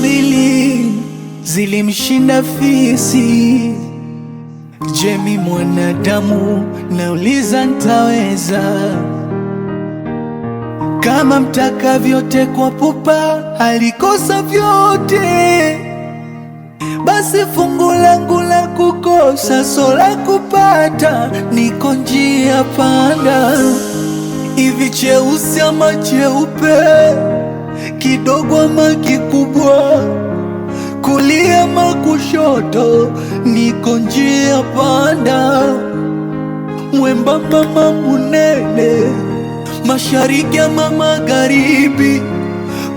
mbili zilimshinda fisi. Je, mi mwanadamu nauliza, ntaweza? Kama mtaka vyote kwa pupa alikosa vyote, basi fungu langu la kukosa so la kupata, niko njia panda, hivi cheusi ama cheupe kidogo ama kikubwa, kulia ama kushoto, niko njia panda, mwembamba ama munene, mashariki ama magharibi,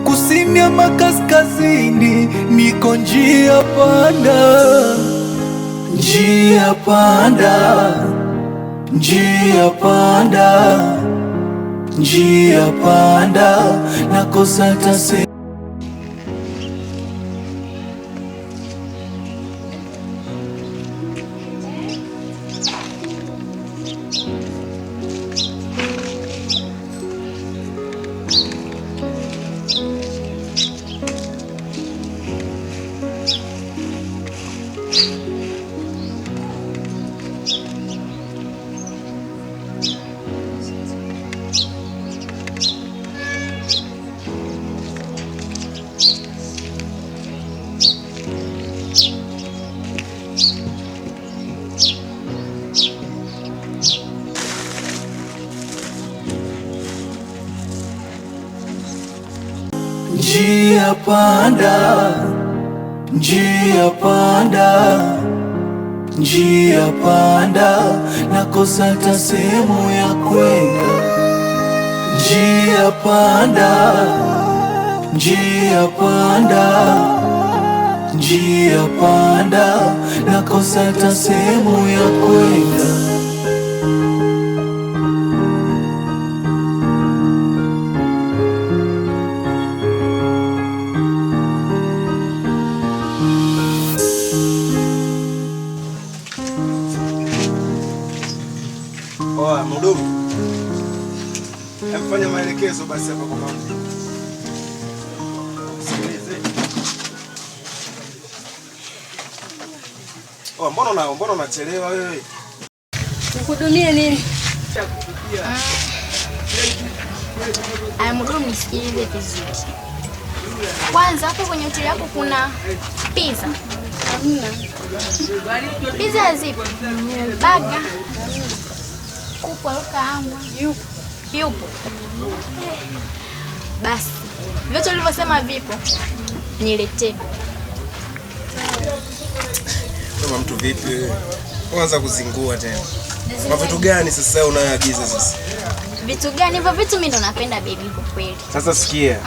kusini ama kaskazini, niko njia panda, njia panda, njia panda njia panda nakosa tasi njia panda, njia panda, nakosa ta sehemu ya kwenda. Njia panda, njia panda, njia panda, nakosa ta sehemu ya kwenda. basi hapa kwa pamoja. Oh, mbona na mbona unachelewa wewe? Nikuhudumie nini? Chakupikia. Ah, nisikilize vizuri. Kwanza hapo kwenye hoteli yako kuna pizza. Hamna. Pizza zipo. Baga. Kuku aliokaangwa. Yupo. Yupo. Basi vyote ulivyosema vipo, niletee. Kama mtu vipi, unaanza kuzingua tena. Kwa vitu gani sasa unayoagiza sasa? Vitu gani hivyo? Vitu mimi ndo napenda baby, kwa kweli. Sasa sikia,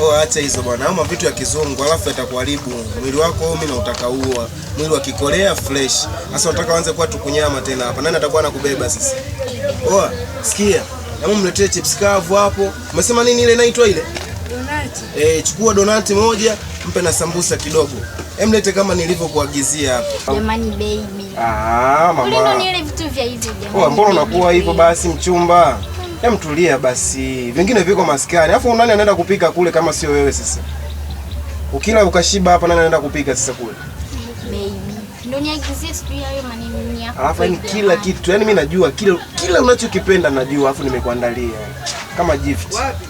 oh, acha hizo bwana, au mavitu ya kizungu, alafu yatakuharibu mwili wako. Mimi na huo mwili wa kikorea fresh. Sasa unataka uanze kuwa tukunyama tena hapa, nani atakuwa anakubeba sasa? Poa, sikia ama mletee chips kavu hapo. Umesema nini ile inaitwa ile? Donati. Eh, chukua donati moja, mpe na sambusa kidogo. Emlete kama nilivyokuagizia hapo. Jamani baby. Ah, mama. Mbona ni ile vitu vya hivi jamani? Oh, mbona unakuwa hivyo basi mchumba? Hem, tulia basi. Vingine viko maskani. Alafu nani anaenda kupika kule kama sio wewe sasa? Ukila ukashiba hapa nani anaenda kupika sasa kule? yako. Alafu ni yaani kila kitu. Yaani mimi najua kila kila unachokipenda najua, alafu nimekuandalia kama gift. Wapi?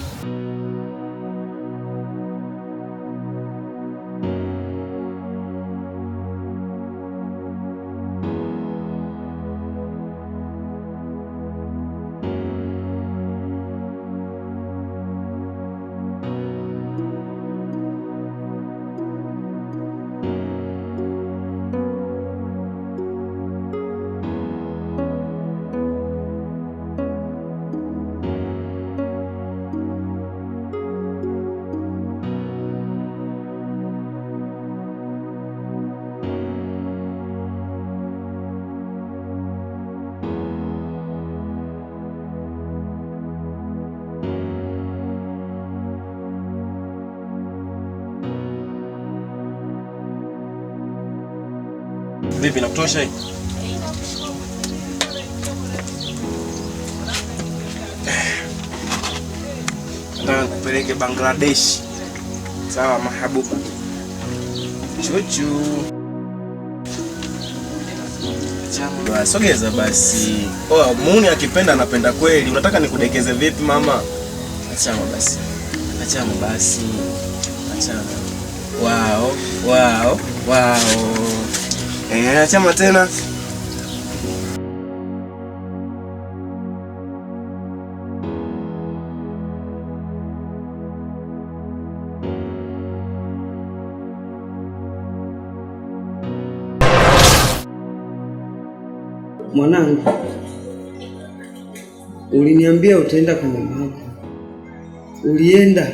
Vipi, nakutosha hii? Nataka kupeleke Bangladesh. Sawa mahabuba. Chuchu. Sogeza basi. Oh, Muni akipenda anapenda kweli. Unataka nikudekeze vipi mama? Achama basi. Achama basi. Achama. Wow, wow, wow. Eh, chama tena. Mwanangu, uliniambia utaenda kwa mama yako, ulienda?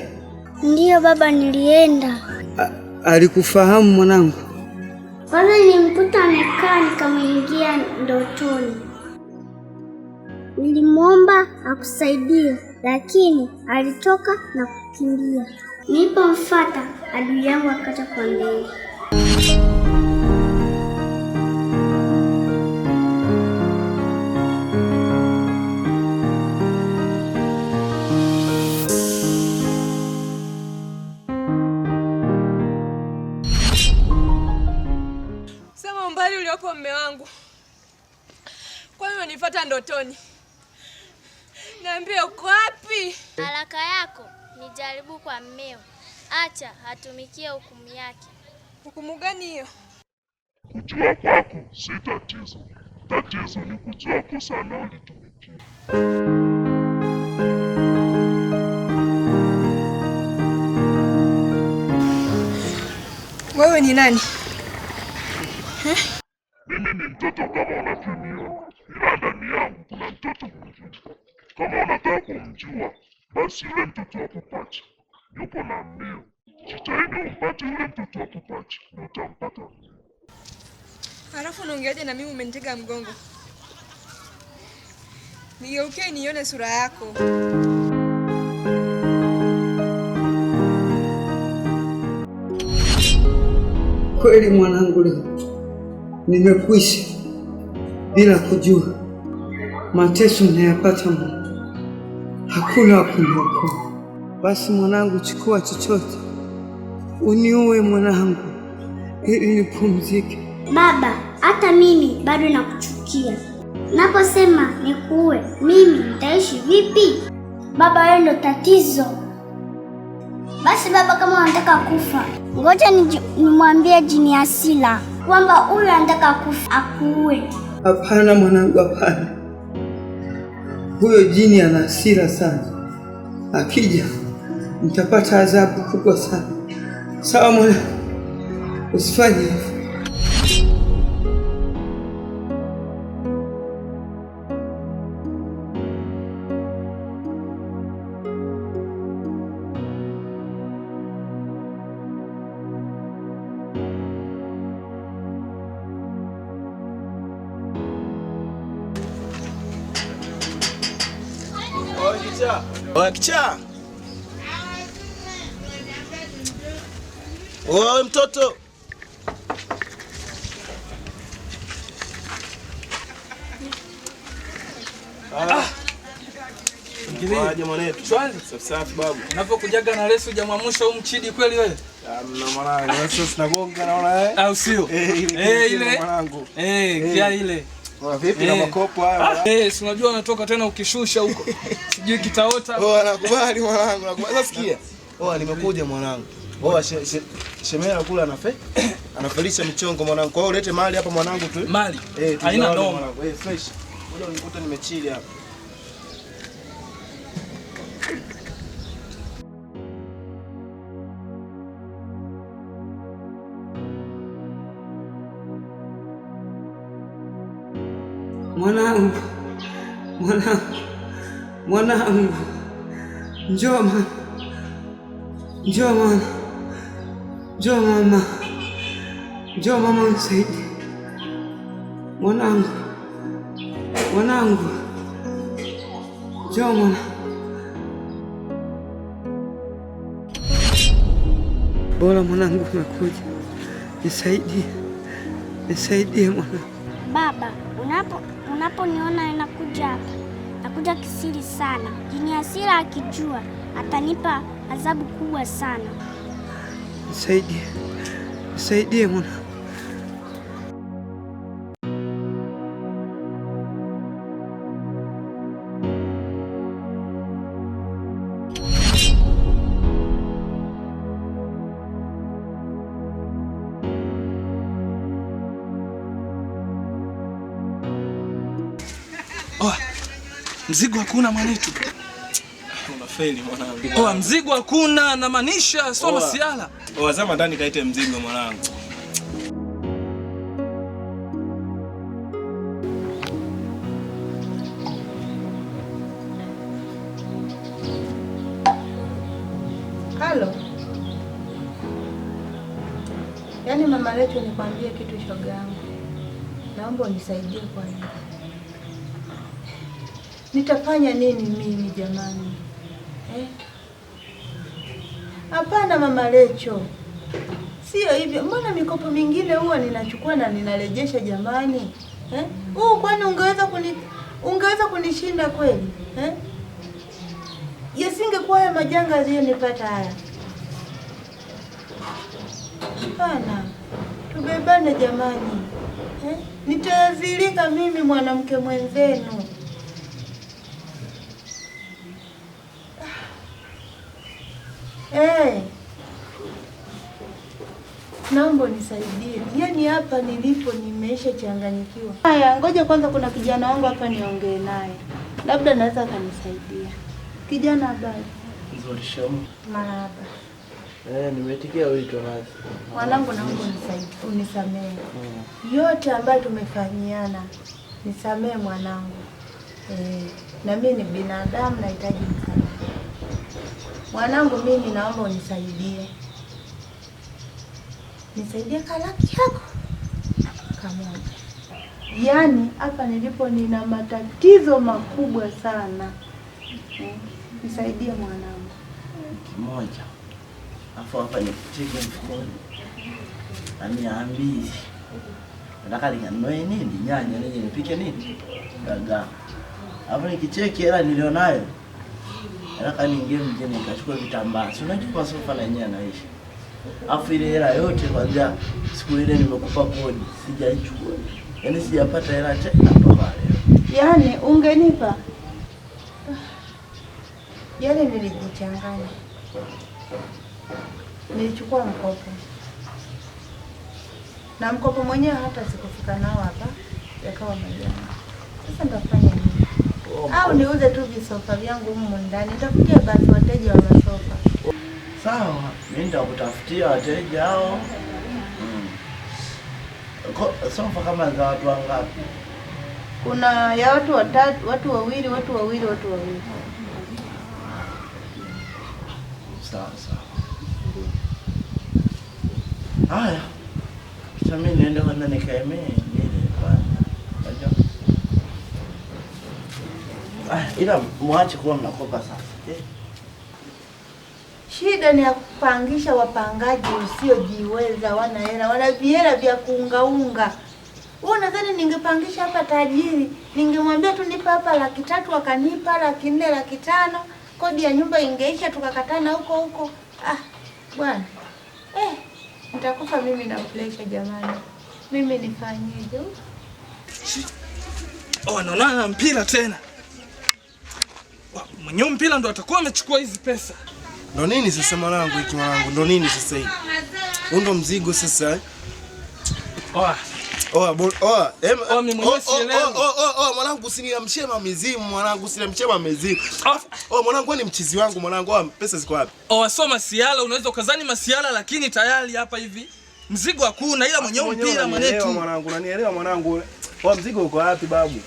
Ndiyo baba, nilienda. A, alikufahamu mwanangu? Kwanza nilimkuta amekaa, nikamwingia ndotoni. Nilimwomba akusaidie, lakini alitoka na kukimbia. Nilipomfuata adui yangu akaja kwa ndege. alinifuata ndotoni. Niambie uko wapi? Haraka yako ni jaribu kwa mmeo, acha atumikie hukumu yake. Hukumu gani hiyo? Kujua kwako si tatizo, tatizo ni kujua kosa analolitumikia. Wewe ni nani? Mimi ni mtoto kama unavyoniona ila ndani yangu kuna mtoto mzuri. Kama unataka kumjua, basi yule mtoto wa Popachi yupo na mbio. Jitahidi umpate yule mtoto wa Popachi, utampata. Halafu unaongeaje na mimi umenitega mgongo? Nigeuke nione sura yako. Kweli mwanangu, leo nimekwisha bila kujua mateso nayapata Mungu, hakuna wa Basi mwanangu, chukua chochote uniue mwanangu, ili nipumzike. Baba, hata mimi bado nakuchukia. Naposema nikuue, mimi nitaishi vipi? Baba, wewe ndo tatizo. Basi baba, kama unataka kufa, ngoja nimwambie jini Asila kwamba huyu anataka kufa akuue. Hapana mwanangu, hapana. Huyo jini ana hasira sana, akija nitapata adhabu kubwa sana. Sawa mwanangu, usifanye kicha wawe mtoto ah. unapokujaga na lesu jamwamusha huu mchidi kweli wewe? Eh? Au sio? Eh, eh ile. Eh, kia eh. ile Vipi na eh. makopo haya? Eh, si unajua anatoka tena ukishusha huko. Sijui kitaota. Oh, anakubali mwanangu. Sasa sikia. Oh, nimekuja mwanangu. Oh, shemera kula anafe. Anafelisha michongo mwanangu. Kwa hiyo ulete mali hapa mwanangu tu. Mali. Eh, haina noma. Eh, fresh. Ngoja unikute nimechili hapa. Mwanangu, mwanangu, mwanangu, njoo mama, njoo mama, njoo mama, njoo mama, unisaidie mwanangu, mwanangu, njoo mwanangu. Bora mwanangu, umekuja, nisaidie, nisaidie mwanangu. Baba unapo Unaponiona nakuja hapa, nakuja kisiri sana. Jini Hasira akijua atanipa adhabu kubwa sana. Nisaidie, nisaidie mwana mzigo hakuna mwanetu. Unafeli mwanangu. Poa, mzigo hakuna na maanisha sio masiala. Poa, zama ndani kaite mzigo mwanangu. Halo. Yaani mama letu, nikwambie kitu shoga Naomba unisaidie kwa nini? Nitafanya nini mimi jamani eh? Hapana mama Lecho, sio hivyo. Mbona mikopo mingine huwa ninachukua na ninarejesha jamani eh? Huu kwani ungeweza kuni, ungeweza kunishinda kweli eh? Yasingekuwa haya majanga aliyonipata haya. Hapana, tubebane jamani eh? Nitaazilika mimi mwanamke mwenzenu. Hey, eh. naomba unisaidie, yaani hapa nilipo nimeisha changanyikiwa. Haya, ngoja kwanza, kuna kijana wangu hapa niongee naye, labda naweza akanisaidia. Kijana, habari? Nzuri. Shauri. marahaba. Eh, nimetikia wito basi. Mwanangu, naomba unisaidie, unisamehe hmm, yote ambayo tumefanyiana, nisamehe mwanangu. Eh, na mimi ni binadamu, nahitaji msamaha. Mwanangu, mimi naomba unisaidie, nisaidie kalaki yako kamoja. Yaani hapa nilipo nina matatizo makubwa sana, nisaidie mwanangu kimoja, afu hapa nikucheke mfukoni, na mia nataka ninunue nini, nyanya nije nipike nini, gaga. afu nikicheki hela nilionayo nataka niingie mjini nikachukua vitambaa, si unajua sofa la yeye anaishi. Afu ile hela yote kwanza siku ile nimekupa kodi sijaichukua. Yaani sijapata hela tena mpaka leo. Yaani ungenipa. Yaani nilijichanganya. Nilichukua mkopo. Na mkopo mwenyewe hata sikufika nao hapa yakawa majana. Sasa ndafanya Oh, au niuze tu visofa vyangu humu ndani, nitafutia basi wateja wa masofa. Sawa, mimi nitakutafutia wateja hao. Mm. Sofa kama za watu wangapi? Kuna ya watu watatu, watu wawili, watu wawili, watu wawili. Sawa sawa. Haya, acha mimi niende kwanza nikaemee. Ah, ila mwache kuwa mnakopa sasa eh. Shida ni ya kupangisha wapangaji usiojiweza, wana hela, wana vihela vya kuungaunga. Wewe nadhani ningepangisha hapa tajiri, ningemwambia tu nipa hapa laki tatu, akanipa laki nne, laki tano, kodi ya nyumba ingeisha, tukakatana huko huko. Ah bwana eh, nitakufa mimi na presha jamani, mimi nifanyeje? Oh, anaona mpira tena mwenye mpira ndo atakuwa amechukua hizi pesa. Ndo nini sasa mwanangu, iki mwanangu, ndo nini sasa hii? Huu ndo mzigo sasa. Eh? Oa. Oa, oa. Oa, mi mwenye Oa, oa, oa, mwanangu mchema mizimu, mwanangu mchema mizimu. Oa, mwanangu ni mchizi wangu mwanangu, oa, pesa ziko wapi? Oa, so masiala unaweza ukazani masiala lakini tayari hapa hivi. Mzigo hakuna ila mwenye mpira mwenye tu. Mwanangu, unanielewa mwanangu? Oa, mzigo uko wapi babu?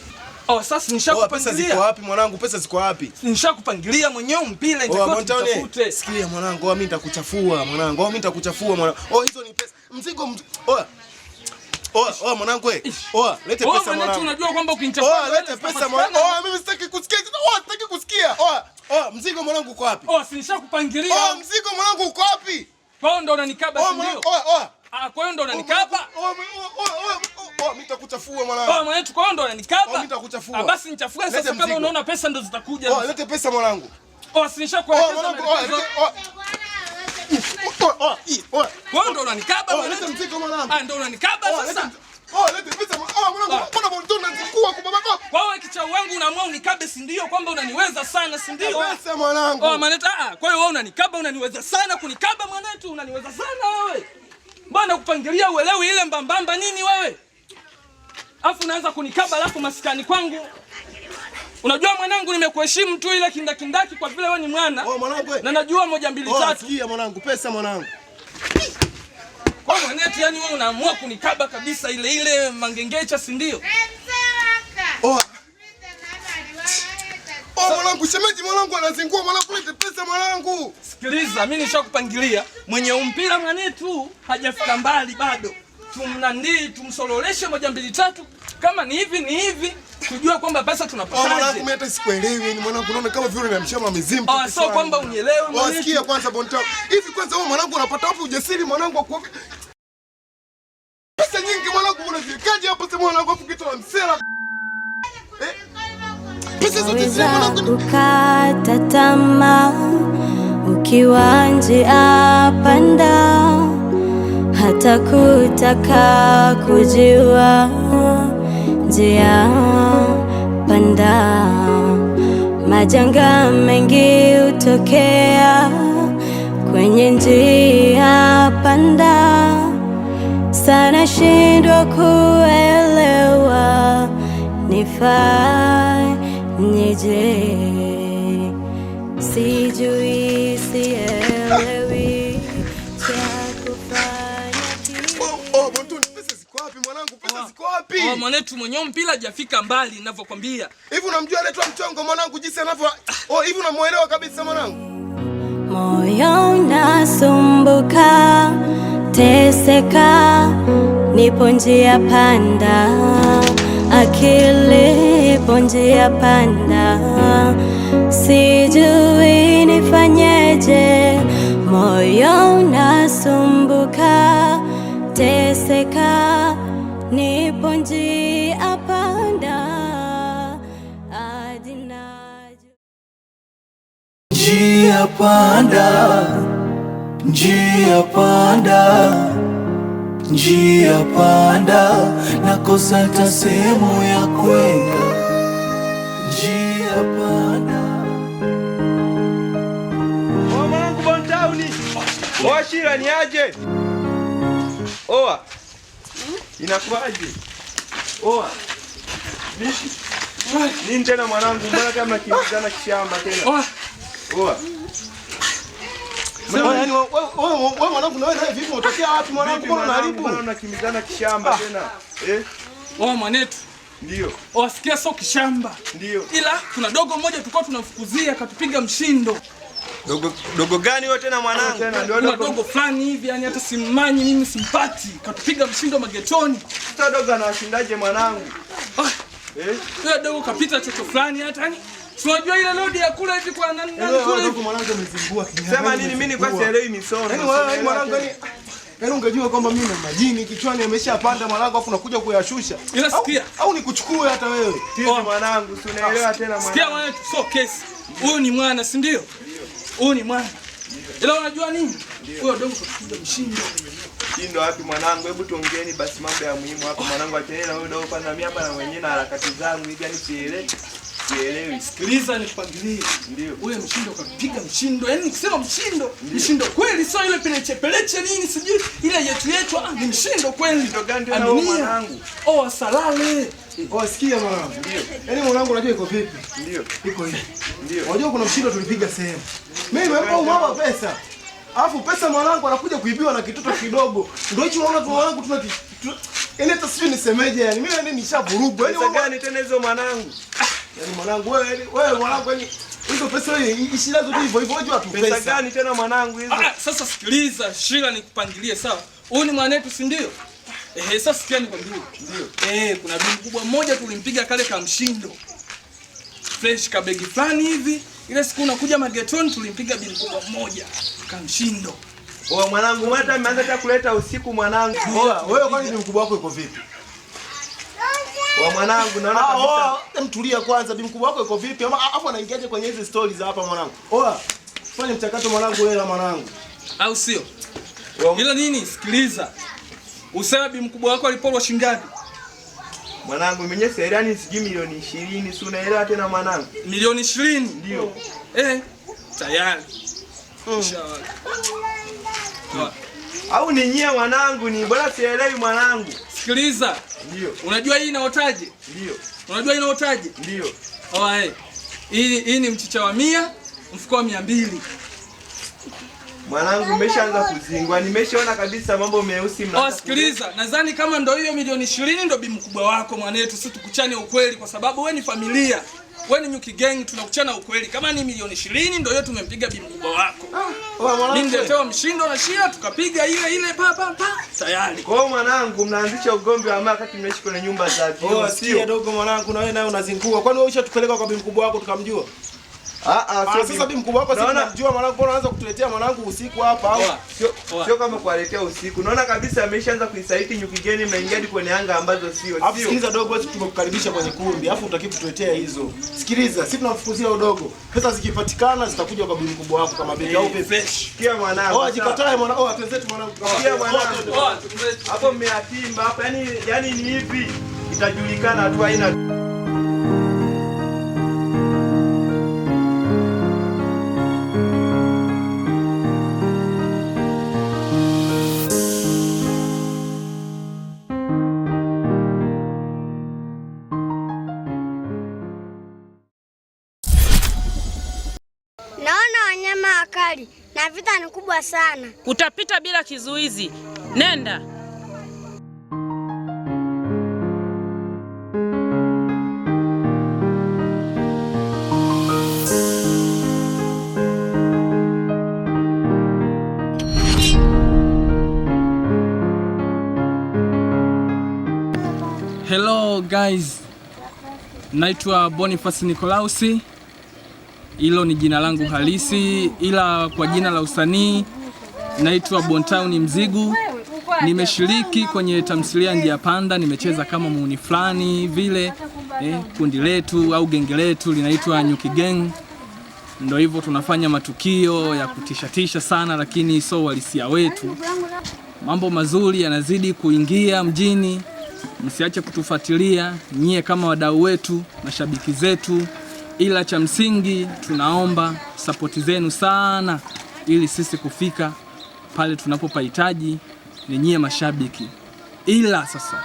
Oh, sasa nishakupangilia. Oh, pesa ziko wapi mwanangu? Pesa ziko wapi? Nishakupangilia mwenyewe mpira oh, nitakuwa tutafute. Sikia mwanangu, mimi oh, nitakuchafua mwanangu. Mimi nitakuchafua mwanangu. Oh, hizo ni pesa. Mzigo mz... oh. Oa, oa mwanangu wewe. Eh. Oa, lete pesa mwanangu. Unajua kwamba ukinichafua. Oa, lete pesa mwanangu. Oa, mimi sitaki kusikia. Oa, sitaki kusikia. Oa, oa mzigo mwanangu uko wapi? Oa, si nishakupangilia. Oa, mzigo mwanangu uko wapi? Kwa hiyo ndo unanikaba, ndio? Oa, oa. Ah, kwa hiyo ndo unanikaba. Oa, oa. Oh, mimi nitakuchafua mwanangu. Ah, basi nichafue sasa kama unaona pesa ndo zitakuja. Oh, lete pesa mwanangu. Oh, sinisha oh, oh, oh. eh, kwa. sana si ndio? Pesa mwanangu. Oh, ah, ah. wewe unanikaba unaniweza sana kunikaba mwanetu unaniweza sana wewe. Mbona kupangilia uelewi ile mbambamba nini wewe? Alafu unaanza kunikaba alafu maskani kwangu. Unajua mwanangu, nimekuheshimu tu ile kindakindaki kwa vile wewe ni mwana. Oh, mwanangu. Eh. Na najua moja mbili oh, tatu. Oh, sikia mwanangu, pesa mwanangu. Kwa mwaneti, yani wewe unaamua kunikaba kabisa ile ile mangengecha, si ndio? Oh. Oh, mwanangu, shemeji mwanangu anazingua mwanangu, lete pesa mwanangu. Sikiliza, mimi nishakupangilia mwenye umpira mwanetu hajafika mbali bado tumnani tumsololeshe moja mbili tatu, kama ni hivi ni hivi, tujue kwamba pesa tunapata. Mwanangu mimi hata sikuelewi, ni mwanangu, unaona kama vile unamshama mizimu. Ah, sio kwamba unielewe oh, mwanangu. Wasikia kwanza bonta hivi, kwanza wewe mwanangu unapata wapi ujasiri mwanangu wa kuoga pesa nyingi mwanangu, unafikaje hapo sema mwanangu kitu wa msela eh? Pesa zote zile mwanangu, ukata tamaa ukiwa nje apanda hata kutaka kujua njia panda. Majanga mengi hutokea kwenye njia panda, sana shindwa kuelewa nifanyeje, sijui sielewi yuko wapi? Oh, mwanetu mwenyewe mpira hajafika mbali ninavyokwambia. Hivi unamjua letwa mchongo mwanangu jinsi anavyo. Oh, hivi unamuelewa kabisa mwanangu? Moyo unasumbuka, teseka, nipo njia panda, akili ipo njia panda, sijui nifanyeje. Moyo unasumbuka, teseka nipo njia panda njia panda njia panda njia panda nakosa ta sehemu ya kwenda njia panda mwanangu Bontauni Washira ni aje oa Inakuaje? Oa. Oh. Nishi. tena mwanangu, mbona kama kimbizana kishamba tena? Oa. Oh. Oh. Oa. kishamba ah. eh? mwanetu. sikia sio kishamba. Ndio. Ila kuna dogo mmoja tulikuwa tunamfukuzia akatupiga mshindo. Dogo dogo gani wewe tena mwanangu? Kuna dogo fulani hivi yani hata simmanyi mimi simpati. Katupiga mshindo magetoni. Sasa dogo anawashindaje mwanangu? Ah. Eh? Wewe dogo kapita chocho fulani hata yani unajua ile load ya kula hivi kwa nani nani eh, kule. Dogo mwanangu amezingua. kinyama. Sema nini mimi kwa sielewi misono. Yaani wewe mwanangu ni yaani, yaani ungejua kwamba mimi na majini kichwani ameshapanda mwanangu afu nakuja kuyashusha. Ila sikia. Au nikuchukue hata wewe. Tio oh. mwanangu, si unaelewa tena mwanangu. Sikia wewe, so case. Huyu ni mwana, si ndio? Huyu ni mwana. Ila unajua nini? Huyo dogo kakuja mshindo. Ndio wapi mwanangu? Hebu tuongeeni basi mambo ya muhimu hapa mwanangu, atendeni na huyo dogo kwanza. Mimi hapa na mwenyewe na harakati zangu hivi, yani sielewi. Sielewi. Sikiliza nikupangilie. Ndio. Huyo mshindo kapiga mshindo. Yaani nikisema mshindo, mshindo kweli sio ile peleche peleche nini sijui ile yetu yetu, ah, ni mshindo kweli. Ndio gani ndio mwanangu. Oh, salale. Oh, sikia mwanangu. Ndio. Yaani mwanangu unajua iko vipi? Ndio. Iko hivi. Ndio. Unajua kuna mshindo tulipiga sehemu. Mimi nimempa mama pesa. Alafu pesa mwanangu anakuja kuibiwa na kitoto kidogo. Ndio hicho unaona kwa mwanangu tuna yaani hata sijui nisemeje yani. Mimi yaani nishaburugwa. Yaani pesa gani tena hizo mwanangu? Yaani mwanangu wewe yaani- wewe mwanangu yaani hizo pesa hizi shida zote hivyo hivyo watu pesa. Pesa gani tena mwanangu hizo? Ah, sasa sikiliza, shida nikupangilie sawa. Huyu ni mwanetu si ndio? Eh, eh, sasa sikia nikwambie. Ndio. Eh, kuna bibi mkubwa mmoja tulimpiga kale ka mshindo. Fresh kabegi fulani hivi. Ile siku unakuja magetoni tulimpiga bibi mkubwa mmoja ka mshindo. Oh, mwanangu hata ameanza hata kuleta usiku mwanangu. Oh, wewe kwani bibi mkubwa wako yuko vipi? Wa mwanangu naona ah, kabisa. Mtulia kwanza, bibi mkubwa wako yuko vipi? Ama afu anaingiaje kwenye hizi stories hapa mwanangu? Oa. Fanya mchakato mwanangu wewe na mwanangu. Au sio? Ila nini? Sikiliza. Usabi mkubwa wako aliporwa shingapi? Mwanangu mwenyewe serani sijui milioni 20, si unaelewa tena mwanangu. Milioni 20? Ndio. Eh, tayari. Hmm. Inshallah. Hmm. Au ni nyie mwanangu ni bora sielewi mwanangu. Sikiliza. Ndio. Unajua hii inaotaje? Ndio. Unajua hii inaotaje? Ndio. Oh, eh. hey. Hii hii ni mchicha wa mia, mfuko wa mia mbili. Mwanangu, umeshaanza kuzingwa, nimeshaona kabisa mambo meusi. mna. Oh, sikiliza, nadhani kama ndio hiyo milioni 20 ndio bi mkubwa wako mwanetu, si tukuchane ukweli, kwa sababu wewe ni familia, Wewe ni nyuki gang, tunakuchana ukweli. Kama ni milioni 20 ndio hiyo tumempiga bi mkubwa wako. Ah, Mimi niletewa mshindo na shia, tukapiga ile ile pa pa pa, tayari. Kwa hiyo mwanangu, mnaanzisha ugomvi wa mama kati, mnaishi kwenye nyumba za. Oh, sio dogo mwanangu, na wewe nayo unazingua. Kwani wewe ushatupeleka kwa bi mkubwa wako tukamjua? Ah, ah ah, sio sasa mimi mkubwa wako sisi tunamjua mwanangu, mbona unaanza kutuletea mwanangu usiku hapa au? Sio sio kama kuwaletea usiku. Naona kabisa ameshaanza kuisaliti nyuki geni mnaingia hadi kwenye anga ambazo sio sio. sikiliza dogo, wewe tumekukaribisha kwenye kundi, afu utaki kutuletea hizo. Sikiliza, sisi tunafukuzia udogo. Pesa zikipatikana zitakuja kwa bibi mkubwa wako kama bei au pesa. Kia mwanangu. Oh, jikatae mwanangu. Oh, tuenzetu mwanangu. Kia mwanangu. Oh, Hapo mmeatimba hapa. Yaani yaani ni hivi. Itajulikana tu haina Naona wanyama wakali na vita ni kubwa sana. Utapita bila kizuizi. Nenda. Hello guys. Naitwa Boniface Nikolausi hilo ni jina langu halisi, ila kwa jina la usanii naitwa Bontown Mzigu. Nimeshiriki kwenye tamthilia Njia Panda, nimecheza kama muuni fulani vile eh. Kundi letu au genge letu linaitwa Nyuki Gang, ndio hivyo, tunafanya matukio ya kutishatisha sana, lakini so uhalisia wetu. Mambo mazuri yanazidi kuingia mjini, msiache kutufuatilia nyie, kama wadau wetu, mashabiki zetu ila cha msingi tunaomba sapoti zenu sana, ili sisi kufika pale tunapopahitaji. Ni nyie mashabiki, ila sasa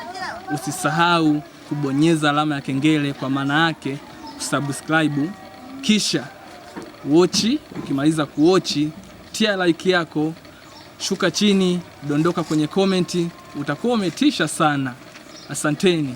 usisahau kubonyeza alama ya kengele, kwa maana yake kusubscribe, kisha wochi. Ukimaliza kuwochi tia like yako, shuka chini, dondoka kwenye komenti, utakuwa umetisha sana. Asanteni.